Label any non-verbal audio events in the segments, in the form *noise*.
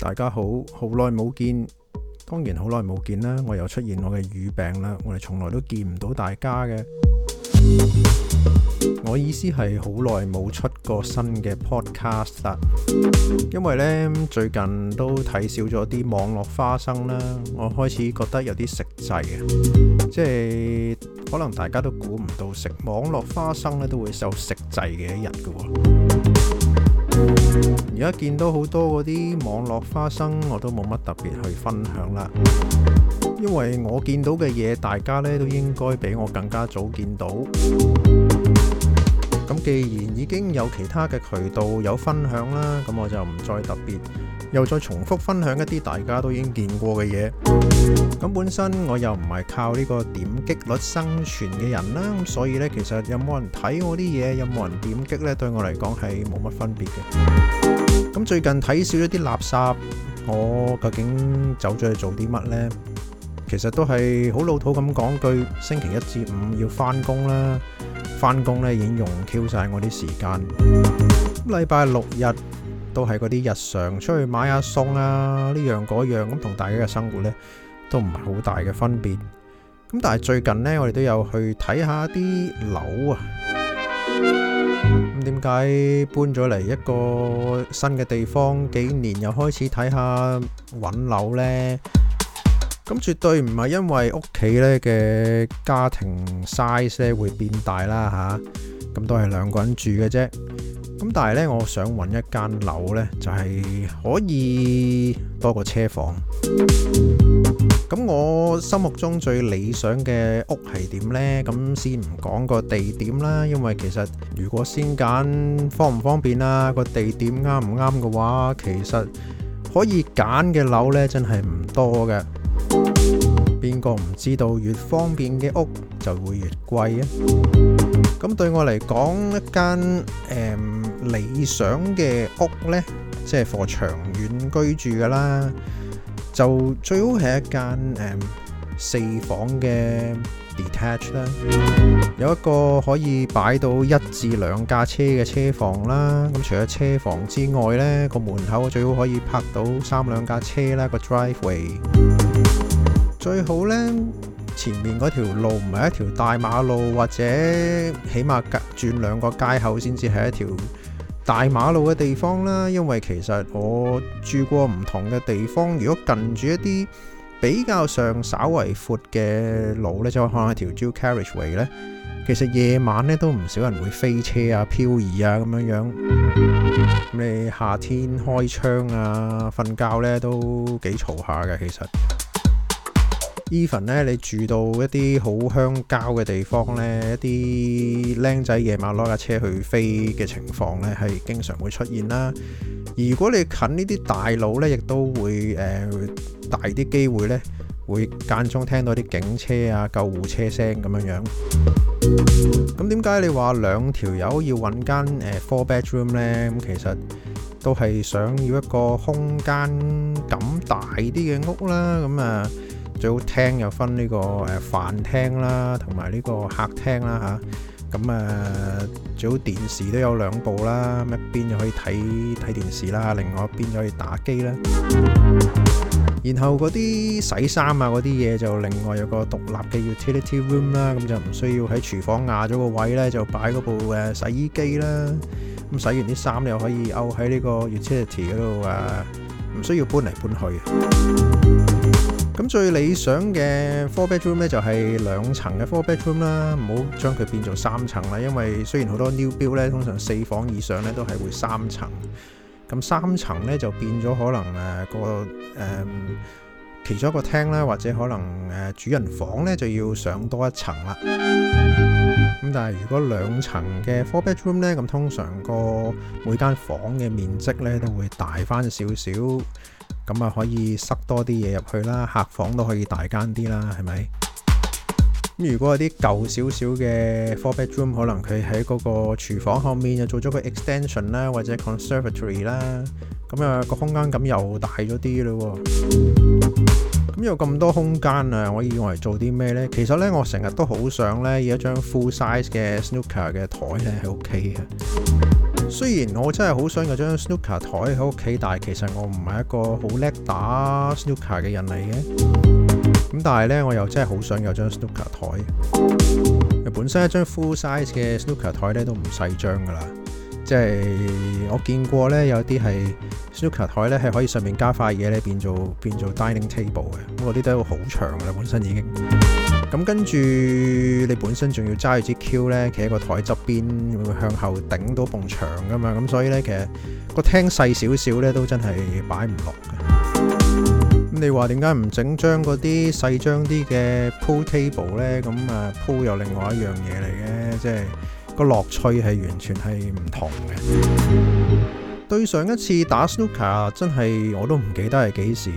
大家好，好耐冇見，當然好耐冇見啦。我又出現我嘅魚餅啦。我哋從來都見唔到大家嘅。我意思係好耐冇出過新嘅 podcast 啦，因為呢，最近都睇少咗啲網絡花生啦。我開始覺得有啲食滯嘅，即係可能大家都估唔到食網絡花生呢都會受食滯嘅一日㗎。而家見到好多嗰啲網絡花生，我都冇乜特別去分享啦，因為我見到嘅嘢，大家呢都應該比我更加早見到。咁既然已經有其他嘅渠道有分享啦，咁我就唔再特別。又再重複分享一啲大家都已經見過嘅嘢，咁本身我又唔係靠呢個點擊率生存嘅人啦，所以呢，其實有冇人睇我啲嘢，有冇人點擊呢？對我嚟講係冇乜分別嘅。咁最近睇少咗啲垃圾，我究竟走咗去做啲乜呢？其實都係好老土咁講句，星期一至五要返工啦，返工呢已經用 Q 晒我啲時間，禮拜六日。都係嗰啲日常出去買下餸啊，呢樣嗰樣，咁同大家嘅生活呢都唔係好大嘅分別。咁但係最近呢，我哋都有去睇下啲樓啊。咁點解搬咗嚟一個新嘅地方，幾年又開始睇下揾樓呢？咁絕對唔係因為屋企呢嘅家庭 size 呢會變大啦吓。咁都係兩個人住嘅啫。咁但係呢，我想揾一間樓呢，就係可以多個車房。咁我心目中最理想嘅屋係點呢？咁先唔講個地點啦，因為其實如果先揀方唔方便啊，個地點啱唔啱嘅話，其實可以揀嘅樓呢，真係唔多嘅。邊個唔知道越方便嘅屋就會越貴啊？咁對我嚟講一間誒。理想嘅屋呢，即係 for 長遠居住㗎啦，就最好係一間誒、嗯、四房嘅 detached 啦，有一個可以擺到一至兩架車嘅車房啦。咁、嗯、除咗車房之外呢，個門口最好可以泊到三兩架車啦，個 driveway 最好呢，前面嗰條路唔係一條大馬路，或者起碼隔轉兩個街口先至係一條大馬路嘅地方啦，因為其實我住過唔同嘅地方，如果近住一啲比較上稍微闊嘅路咧，即係可能係條 dual carriageway 呢，其實夜晚呢，都唔少人會飛車啊、漂移啊咁樣樣。你夏天開窗啊、瞓覺呢，都幾嘈下嘅，其實。even 咧，你住到一啲好鄉郊嘅地方咧，一啲僆仔夜晚攞架車去飛嘅情況咧，係經常會出現啦。如果你近呢啲大路咧，亦都會誒大啲機會咧，會間中聽到啲警車啊、救護車聲咁樣樣。咁點解你話兩條友要揾間誒 four bedroom 咧？咁其實都係想要一個空間感大啲嘅屋啦。咁啊～最好廳又分呢個誒飯廳啦，同埋呢個客廳啦嚇。咁誒最好電視都有兩部啦，咁一邊就可以睇睇電視啦，另外一邊就可以打機啦。然後嗰啲洗衫啊嗰啲嘢就另外有個獨立嘅 utility room 啦，咁就唔需要喺廚房壓咗個位咧，就擺嗰部誒洗衣機啦。咁洗完啲衫你又可以 out 喺呢個 utility 嗰度啊，唔需要搬嚟搬去。咁最理想嘅 four bedroom 咧就係兩層嘅 four bedroom 啦，唔好將佢變做三層啦。因為雖然好多 new build 咧，通常四房以上咧都係會三層。咁三層咧就變咗可能誒個誒、嗯、其中一個廳咧，或者可能誒主人房咧就要上多一層啦。咁但係如果兩層嘅 four bedroom 咧，咁通常個每間房嘅面積咧都會大返少少。咁啊，可以塞多啲嘢入去啦，客房都可以大間啲啦，係咪？咁如果有啲舊少少嘅 four bedroom，可能佢喺嗰個廚房後面又做咗個 extension 啦，或者 conservatory 啦，咁啊個空間感又大咗啲咯。咁有咁多空間啊，我可以用嚟做啲咩呢？其實呢，我成日都好想呢，要一張 full size 嘅 snooker 嘅台呢，喺屋企嘅。雖然我真係好想有張 Snooker 台喺屋企，但係其實我唔係一個好叻打 Snooker 嘅人嚟嘅。咁但係呢，我又真係好想有張 Snooker 台。本身一張 full size 嘅 Snooker 台呢，都唔細張噶啦，即係我見過呢，有啲係 Snooker 台呢係可以上面加塊嘢呢，變做變做 dining table 嘅，不過呢啲都好長噶啦，本身已經。咁跟住你本身仲要揸住支 Q 呢，企喺個台側邊，會向後頂到埲牆噶嘛？咁所以呢，其實個廳細少少呢，都真係擺唔落嘅。咁你話點解唔整張嗰啲細張啲嘅 pool table 呢？咁啊 pool 又另外一樣嘢嚟嘅，即係個樂趣係完全係唔同嘅。 *music* 對上一次打 snooker 真係我都唔記得係幾時，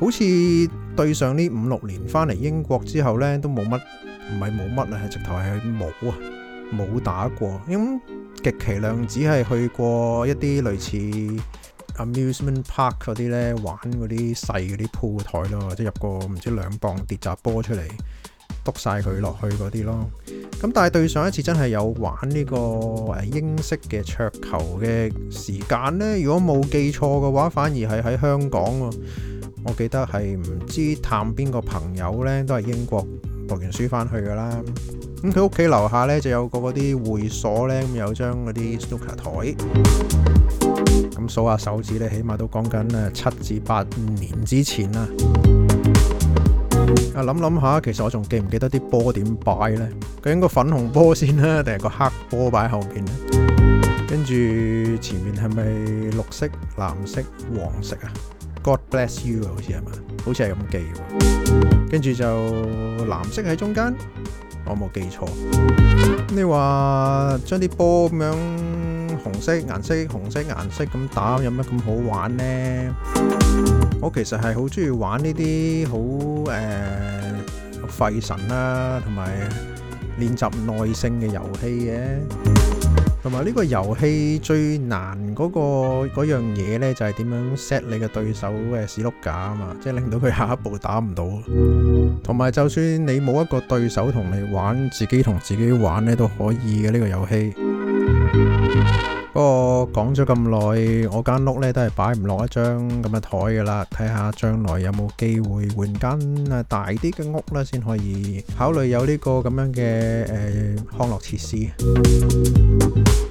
好似。對上呢五六年翻嚟英國之後呢，都冇乜，唔係冇乜啊，係直頭係冇啊，冇打過。咁、嗯、極其量只係去過一啲類似 amusement park 嗰啲呢，玩嗰啲細嗰啲鋪台咯，即係入個唔知兩磅跌雜波出嚟，督晒佢落去嗰啲咯。咁但係對上一次真係有玩呢個誒英式嘅桌球嘅時間呢，如果冇記錯嘅話，反而係喺香港喎。我記得係唔知探邊個朋友呢，都係英國讀完書翻去噶啦。咁佢屋企樓下呢，就有個嗰啲會所呢，咁有張嗰啲士碌架台。咁數下手指呢，起碼都講緊咧七至八年之前啦、啊。啊諗諗下，其實我仲記唔記得啲波點擺呢？究竟個粉紅波先啦、啊，定係個黑波擺後邊呢？跟住前面係咪綠色、藍色、黃色啊？God bless you 啊，好似係嘛，好似係咁記喎。跟住就藍色喺中間，我冇記錯。你話將啲波咁樣紅色顏色、紅色顏色咁打，有乜咁好玩呢？我其實係好中意玩呢啲好誒費神啦、啊，同埋練習耐性嘅遊戲嘅、啊。同埋呢個遊戲最難嗰、嗰個樣嘢呢，就係、係、點樣 set 你嘅對手嘅屎碌架啊嘛，即係令到佢下一步打唔到。同埋就算你冇一個對手同你玩，自己同自己玩呢都可以嘅呢、呢個遊戲。不過講咗咁耐，我間屋呢都係擺唔落一張咁嘅台噶啦，睇下將來有冇機會換間啊大啲嘅屋呢，先可以考慮有呢個咁樣嘅誒康樂設施。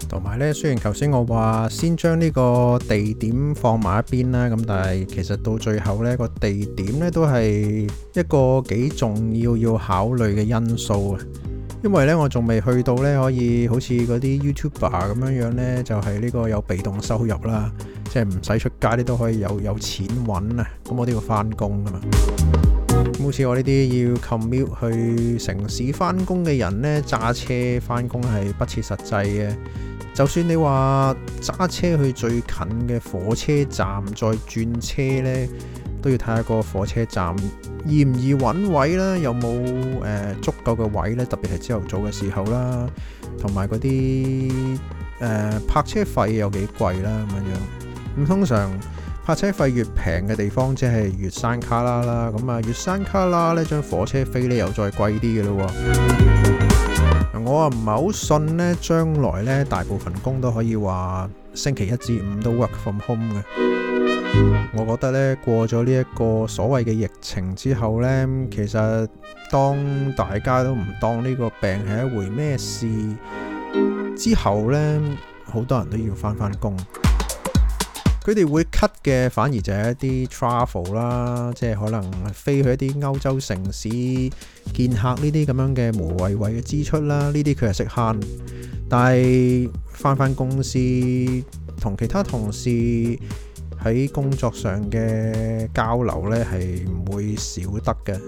同埋呢，雖然頭先我話先將呢個地點放埋一邊啦，咁但係其實到最後呢個地點呢都係一個幾重要要考慮嘅因素啊。因為咧，我仲未去到咧，可以好似嗰啲 YouTuber 咁樣樣咧，就係呢個有被動收入啦，即係唔使出街你都可以有有錢揾啊！咁我都要翻工㗎嘛。好似 *music* 我呢啲要 commute 去城市翻工嘅人咧，揸車翻工係不切實際嘅。就算你話揸車去最近嘅火車站再轉車咧。都要睇下個火車站易唔易揾位呢？有冇誒、呃、足夠嘅位呢？特別係朝頭早嘅時候啦，同埋嗰啲誒泊車費有幾貴啦咁樣。咁通常泊車費越平嘅地方，即係越山卡啦啦。咁啊，越山卡啦呢張火車飛咧又再貴啲嘅咯。我啊唔係好信呢。將來呢，大部分工都可以話星期一至五都 work from home 嘅。我覺得咧過咗呢一個所謂嘅疫情之後呢，其實當大家都唔當呢個病係一回咩事之後呢，好多人都要翻返工。佢哋會 cut 嘅反而就係一啲 travel 啦，即係可能飛去一啲歐洲城市見客呢啲咁樣嘅無謂謂嘅支出啦，呢啲佢係食慳。但係翻翻公司同其他同事，喺工作上嘅交流呢，係唔會少得嘅。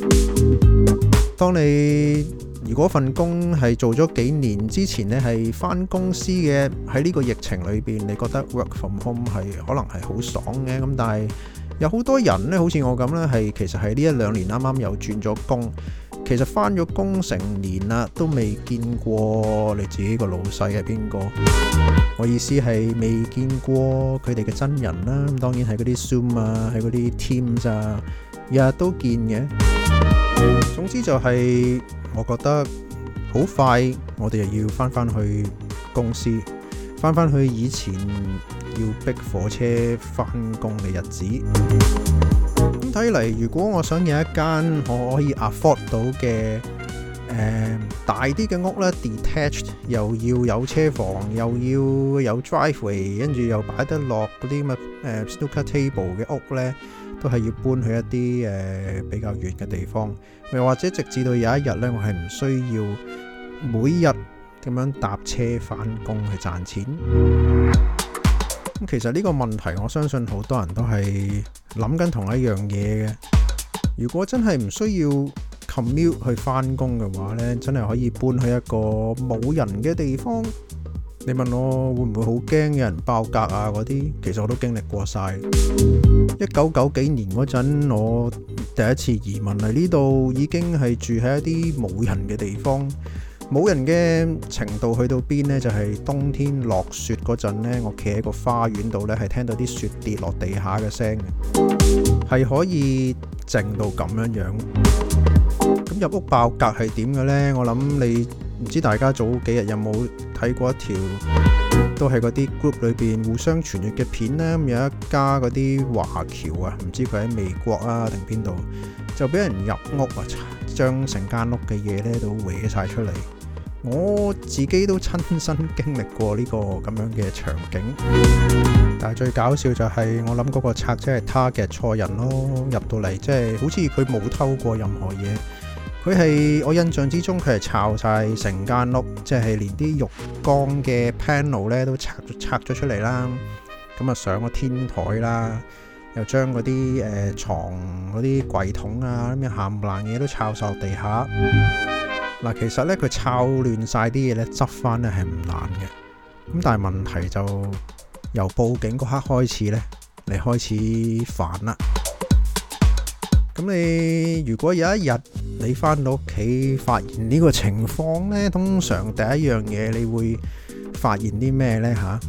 當你如果份工係做咗幾年之前呢，係返公司嘅，喺呢個疫情裏面，你覺得 work from home 係可能係好爽嘅。咁但係有好多人呢，好似我咁呢，係其實係呢一兩年啱啱又轉咗工。其實翻咗工成年啦，都未見過你自己個老細係邊個？ *music* 我意思係未見過佢哋嘅真人啦。咁當然係嗰啲 Zoom 啊，係嗰啲 Teams 咋，日日都見嘅。 *music* 總之就係，我覺得好快，我哋又要翻返去公司，翻返去以前要逼火車翻工嘅日子。 *music* 睇嚟，如果我想有一間我可以 afford 到嘅誒、呃、大啲嘅屋呢 detached 又要有車房，又要有 driveway，跟住又擺得落嗰啲乜誒 snooker table 嘅屋呢，都係要搬去一啲誒、呃、比較遠嘅地方，又或者直至到有一日呢，我係唔需要每日咁樣搭車返工去賺錢。其實呢個問題，我相信好多人都係諗緊同一樣嘢嘅。如果真係唔需要 commute 去返工嘅話咧，真係可以搬去一個冇人嘅地方。你問我會唔會好驚有人爆格啊？嗰啲，其實我都經歷過晒。一九九幾年嗰陣，我第一次移民嚟呢度，已經係住喺一啲冇人嘅地方。冇人嘅程度去到邊呢？就係冬天落雪嗰陣呢，我企喺個花園度呢，係聽到啲雪跌落地下嘅聲嘅，係可以靜到咁樣樣。咁入屋爆格係點嘅呢？我諗你唔知大家早幾日有冇睇過一條都係嗰啲 group 裏邊互相傳閱嘅片呢？有一家嗰啲華僑啊，唔知佢喺美國啊定邊度，就俾人入屋啊，將成間屋嘅嘢呢都搲晒出嚟。我自己都親身經歷過呢個咁樣嘅場景，但係最搞笑就係我諗嗰個拆者係 target 錯人咯，入到嚟即係好似佢冇偷過任何嘢，佢係我印象之中佢係抄晒成間屋，即係連啲浴缸嘅 panel 咧都拆拆咗出嚟啦，咁啊上個天台啦，又將嗰啲誒牀嗰啲櫃桶啊咩樣鹹爛嘢都抄晒落地下。嗱，其實咧佢抄亂晒啲嘢咧，執翻咧係唔難嘅。咁但係問題就由報警嗰刻開始咧，你開始煩啦。咁你如果有一日你翻到屋企發現呢個情況咧，通常第一樣嘢你會發現啲咩呢？嚇？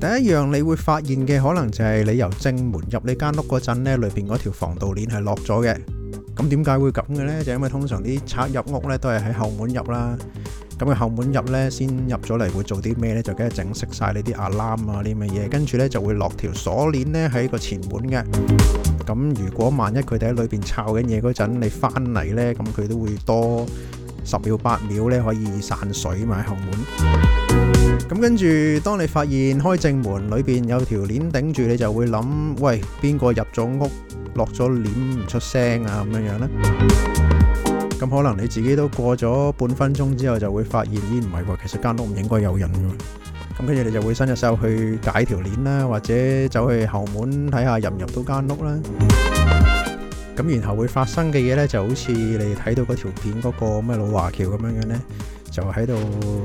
第一樣你會發現嘅可能就係你由正門入你間屋嗰陣咧，裏邊嗰條防盜鏈係落咗嘅。咁點解會咁嘅咧？就因為通常啲賊入屋咧都係喺後門入啦。咁佢後門入咧，先入咗嚟會做啲咩咧？就梗係整熄曬呢啲 alarm 啊，啲乜嘢。跟住咧就會落條鎖鏈咧喺個前門嘅。咁如果萬一佢哋喺裏邊抄緊嘢嗰陣，你翻嚟咧，咁佢都會多十秒八秒咧可以散水埋喺後門。咁跟住，當你發現開正門裏邊有條鏈頂住，你就會諗：喂，邊個入咗屋？落咗鏈唔出聲啊咁樣樣咧，咁可能你自己都過咗半分鐘之後就會發現，咦，唔係喎，其實間屋唔應該有人嘅喎，咁跟住你就會伸隻手去解條鏈啦，或者走去後門睇下入唔入到間屋啦，咁然後會發生嘅嘢咧就好似你睇到嗰條片嗰個咩老華僑咁樣樣咧。就喺度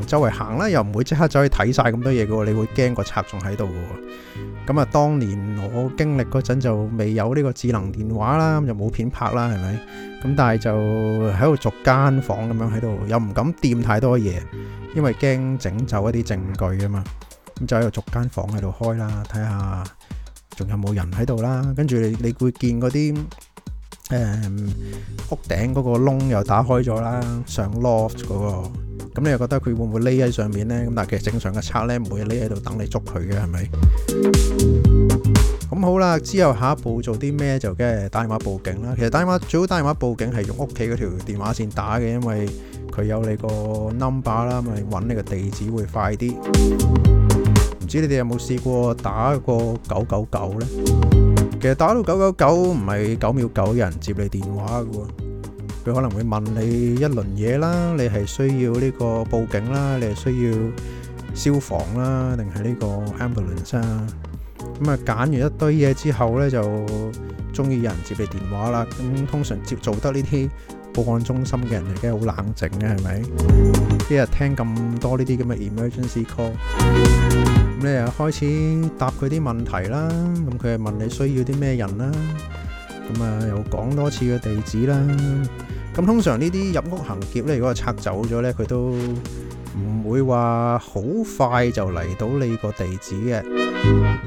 周圍行啦，又唔會即刻走去睇晒咁多嘢㗎喎。你會驚個賊仲喺度㗎喎。咁啊，當年我經歷嗰陣就未有呢個智能電話啦，咁就冇片拍啦，係咪？咁但係就喺度逐間房咁樣喺度，又唔敢掂太多嘢，因為驚整走一啲證據啊嘛。咁就喺度逐間房喺度開啦，睇下仲有冇人喺度啦。跟住你你會見嗰啲誒屋頂嗰個窿又打開咗啦，上 loft 嗰個。咁你又覺得佢會唔會匿喺上面咧？咁但係其實正常嘅賊咧，唔會匿喺度等你捉佢嘅，係咪？咁好啦，之後下一步做啲咩就梗係打電話報警啦。其實打電話最好打電話報警係用屋企嗰條電話線打嘅，因為佢有你個 number 啦，咪揾你個地址會快啲。唔知你哋有冇試過打個九九九咧？其實打到九九九唔係九秒九人接你電話㗎喎。佢可能會問你一輪嘢啦，你係需要呢個報警啦，你係需要消防啦，定係呢個 ambulance 啊？咁啊，揀完一堆嘢之後咧，就終於有人接你電話啦。咁通常接做得呢啲報案中心嘅人，係梗係好冷靜嘅，係咪？一日聽咁多呢啲咁嘅 emergency call，咁你又開始答佢啲問題啦。咁佢又問你需要啲咩人啦？咁啊，又講多次個地址啦。咁通常呢啲入屋行劫咧，如果係拆走咗咧，佢都唔會話好快就嚟到你個地址嘅。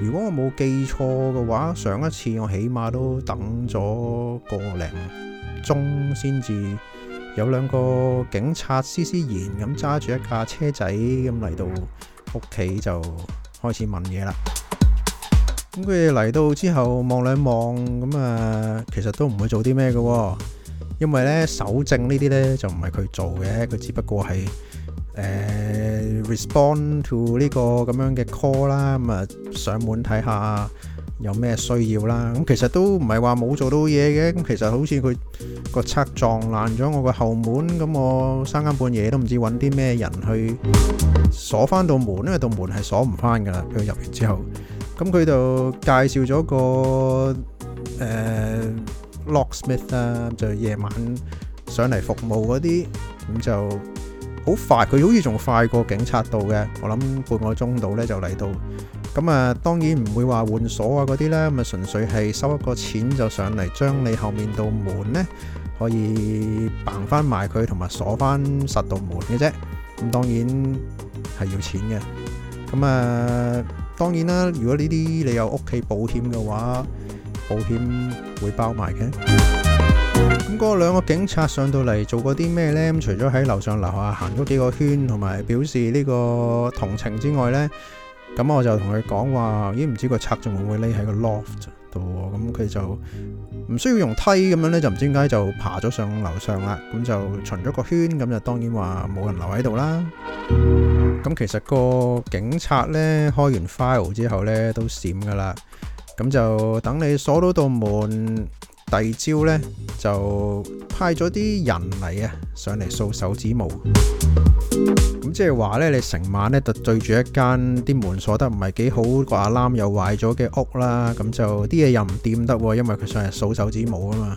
如果我冇記錯嘅話，上一次我起碼都等咗個零鐘先至，有兩個警察斯斯然咁揸住一架車仔咁嚟到屋企就開始問嘢啦。咁佢哋嚟到之後望兩望，咁啊，其實都唔會做啲咩嘅。因為咧，手證呢啲咧就唔係佢做嘅，佢只不過係誒 respond to 呢個咁樣嘅 call 啦，咁啊上門睇下有咩需要啦。咁其實都唔係話冇做到嘢嘅。咁其實好似佢個車撞爛咗我個後門，咁我三更半夜都唔知揾啲咩人去鎖翻度門，因為度門係鎖唔翻㗎啦。佢入完之後，咁佢就介紹咗個誒。Locksmith 啦，就夜晚上嚟服務嗰啲，咁就好快，佢好似仲快過警察到嘅。我諗半個鐘到咧就嚟到。咁啊，當然唔會話換鎖啊嗰啲啦，咁啊純粹係收一個錢就上嚟將你後面道門咧可以掹翻埋佢，同埋鎖翻實道門嘅啫。咁當然係要錢嘅。咁啊，當然啦，如果呢啲你有屋企保險嘅話。保險會包埋嘅。咁嗰兩個警察上到嚟做過啲咩呢？咁除咗喺樓上樓下行咗幾個圈，同埋表示呢個同情之外呢，咁我就同佢講話，咦，唔知個賊仲會唔會匿喺個 loft 度？咁佢就唔需要用梯咁樣呢，就唔知點解就爬咗上樓上啦。咁就巡咗個圈，咁就當然話冇人留喺度啦。咁其實個警察呢，開完 file 之後呢，都閃噶啦。咁就等你鎖到道門，第二招呢就派咗啲人嚟啊，上嚟掃手指模。咁即係話呢，你成晚呢就對住一間啲門鎖得唔係幾好，個 alarm 又壞咗嘅屋啦。咁就啲嘢又唔掂得，因為佢上嚟掃手指模啊嘛。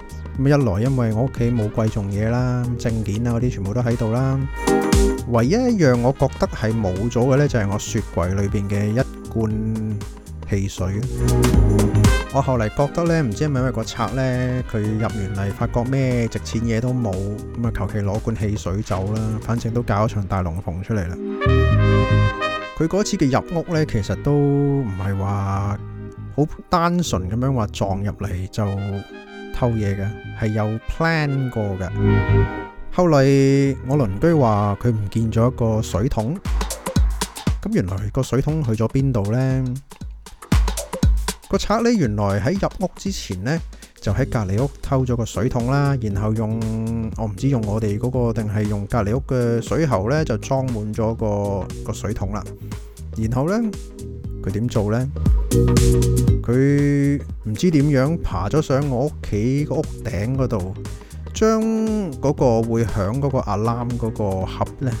咁一來，因為我屋企冇貴重嘢啦，證件啊嗰啲全部都喺度啦。唯一一樣我覺得係冇咗嘅呢，就係我雪櫃裏邊嘅一罐汽水。我後嚟覺得呢，唔知係咪因為個賊呢？佢入完嚟發覺咩值錢嘢都冇，咁啊求其攞罐汽水走啦。反正都搞一場大龍鳳出嚟啦。佢嗰次嘅入屋呢，其實都唔係話好單純咁樣話撞入嚟就。偷嘢嘅，係有 plan 過嘅。後來我鄰居話佢唔見咗一個水桶，咁原來個水桶去咗邊度呢？個賊呢原來喺入屋之前呢就喺隔籬屋偷咗個水桶啦，然後用我唔知用我哋嗰個定係用隔籬屋嘅水喉呢就裝滿咗個個水桶啦，然後呢。佢點做呢？佢唔知點樣爬咗上我屋企個屋頂嗰度，將嗰個會響嗰個 alarm 嗰個盒呢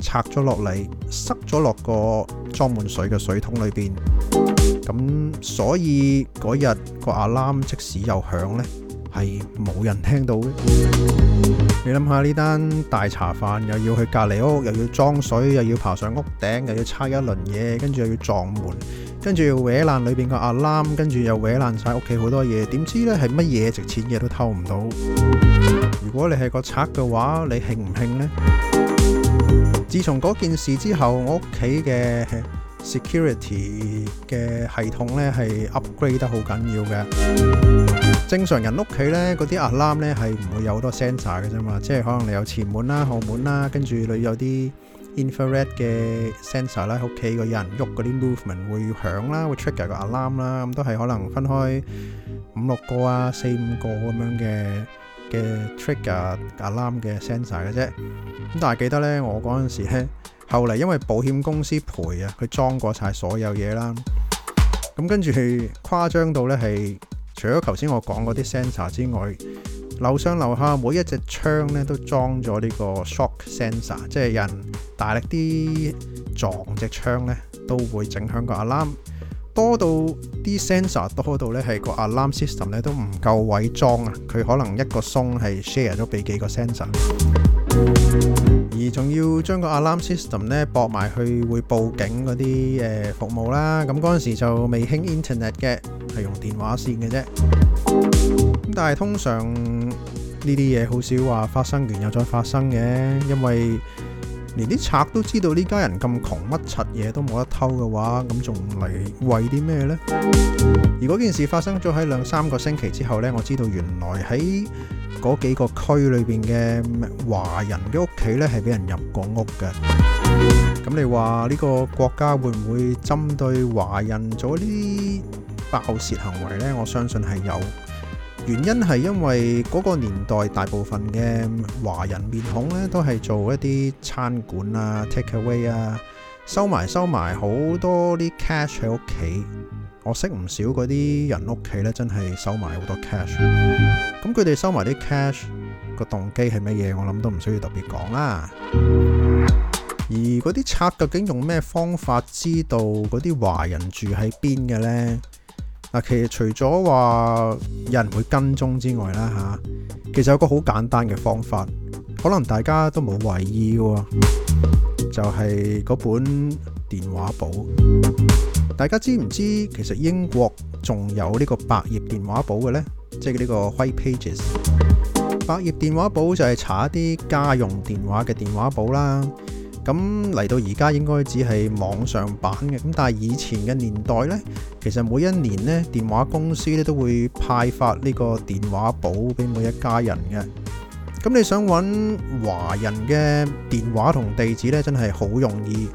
拆咗落嚟，塞咗落個裝滿水嘅水桶裏邊。咁所以嗰日個 alarm 即使又響呢，係冇人聽到嘅。你諗下呢單大茶飯，又要去隔籬屋，又要裝水，又要爬上屋頂，又要拆一輪嘢，跟住又要撞門，跟住搲爛裏邊個 alarm，跟住又搲爛晒屋企好多嘢。點知呢係乜嘢值錢嘅都偷唔到。如果你係個賊嘅話，你興唔興呢？自從嗰件事之後，我屋企嘅 security 嘅系統呢係 upgrade 得好緊要嘅。正常人屋企咧，嗰啲 alarm 咧係唔會有好多 sensor 嘅啫嘛，即係可能你有前門啦、後門啦，跟住你有啲 infrared 嘅 sensor 啦，屋企個有人喐嗰啲 movement 會響啦，會 trigger 個 alarm 啦，咁都係可能分開五六個啊、四五個咁樣嘅嘅 trigger alarm 嘅 sensor 嘅啫。咁但係記得咧，我嗰陣時咧，後嚟因為保險公司賠啊，佢裝過曬所有嘢啦，咁跟住誇張到咧係。除咗頭先我講嗰啲 sensor 之外，樓上樓下每一隻窗咧都裝咗呢個 shock sensor，即係人大力啲撞隻窗咧都會整響個 alarm。多到啲 sensor 多到咧係個 alarm system 咧都唔夠位裝啊！佢可能一個松係 share 咗俾幾個 sensor。仲要將個 alarm system 咧，駁埋去會報警嗰啲誒服務啦。咁嗰陣時就未興 internet 嘅，係用電話線嘅啫。咁但係通常呢啲嘢好少話發生完又再發生嘅，因為連啲賊都知道呢家人咁窮，乜柒嘢都冇得偷嘅話，咁仲嚟為啲咩咧？而件事發生咗喺兩三個星期之後咧，我知道原來喺，嗰幾個區裏邊嘅華人嘅屋企呢，係俾人入過屋嘅。咁你話呢個國家會唔會針對華人做呢啲爆竊行為呢？我相信係有原因，係因為嗰個年代大部分嘅華人面孔呢，都係做一啲餐館啊、takeaway 啊，收埋收埋好多啲 cash 喺屋企。我識唔少嗰啲人屋企咧，真係收埋好多 cash。咁佢哋收埋啲 cash 個動機係乜嘢？我諗都唔需要特別講啦。而嗰啲賊究竟用咩方法知道嗰啲華人住喺邊嘅呢？嗱，其實除咗話有人會跟蹤之外啦，嚇，其實有個好簡單嘅方法，可能大家都冇懷疑喎，就係嗰本電話簿。大家知唔知，其實英國仲有呢個白頁電話簿嘅呢？即係呢個 White Pages。白頁電話簿就係查一啲家用電話嘅電話簿啦。咁嚟到而家應該只係網上版嘅，咁但係以前嘅年代呢，其實每一年呢，電話公司呢都會派發呢個電話簿俾每一家人嘅。咁你想揾華人嘅電話同地址呢，真係好容易。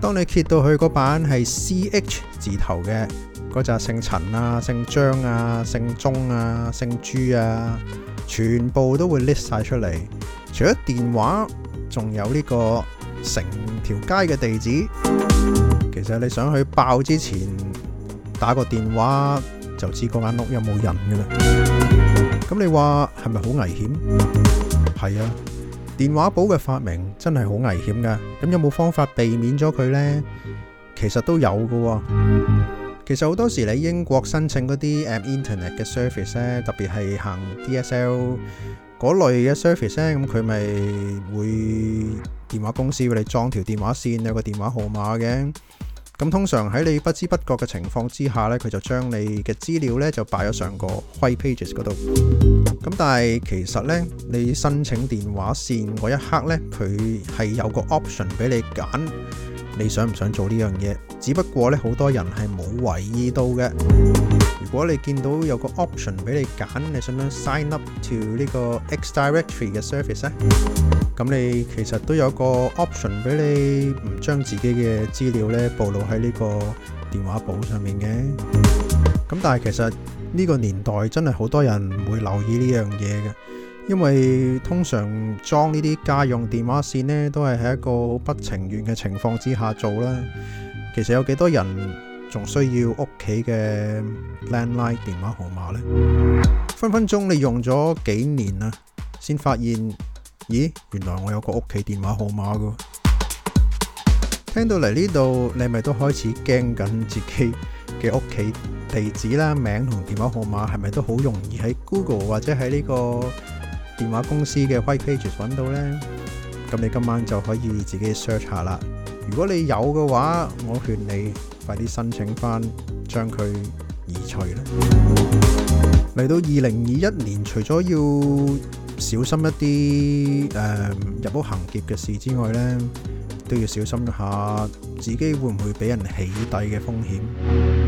當你揭到佢嗰版係 CH 字頭嘅，嗰就係姓陳啊、姓張啊、姓鐘啊、姓朱啊，全部都會 list 曬出嚟。除咗電話，仲有呢個成條街嘅地址。其實你想去爆之前打個電話，就知嗰間屋有冇人嘅啦。咁你話係咪好危險？係啊，電話簿嘅發明真係好危險噶。咁有冇方法避免咗佢呢？其實都有噶。其實好多時你英國申請嗰啲 app internet 嘅 service 咧，特別係行 DSL 嗰類嘅 service 咧，咁佢咪會電話公司會你裝條電話線，有個電話號碼嘅。咁通常喺你不知不覺嘅情況之下呢，佢就將你嘅資料呢就擺咗上個 White Pages 嗰度。咁但係其實呢，你申請電話線嗰一刻呢，佢係有個 option 俾你揀。你想唔想做呢樣嘢？只不過呢，好多人係冇留意到嘅。如果你見到有個 option 俾你揀，你想唔想 sign up to 呢個 X directory 嘅 service 呢？咁你其實都有個 option 俾你唔將自己嘅資料呢暴露喺呢個電話簿上面嘅。咁但係其實呢個年代真係好多人唔會留意呢樣嘢嘅。因為通常裝呢啲家用電話線呢，都係喺一個不情願嘅情況之下做啦。其實有幾多人仲需要屋企嘅 landline 電話號碼呢？分分鐘你用咗幾年啦，先發現咦，原來我有個屋企電話號碼噶。聽到嚟呢度，你咪都開始驚緊自己嘅屋企地址啦、名同電話號碼係咪都好容易喺 Google 或者喺呢、呢個電話公司嘅 white pages 揾到呢，咁你今晚就可以自己 search 下啦。如果你有嘅話，我勸你快啲申請翻，將佢移除啦。嚟 *music* 到二零二一年，除咗要小心一啲誒、呃、入屋行劫嘅事之外呢，都要小心一下自己會唔會俾人起底嘅風險。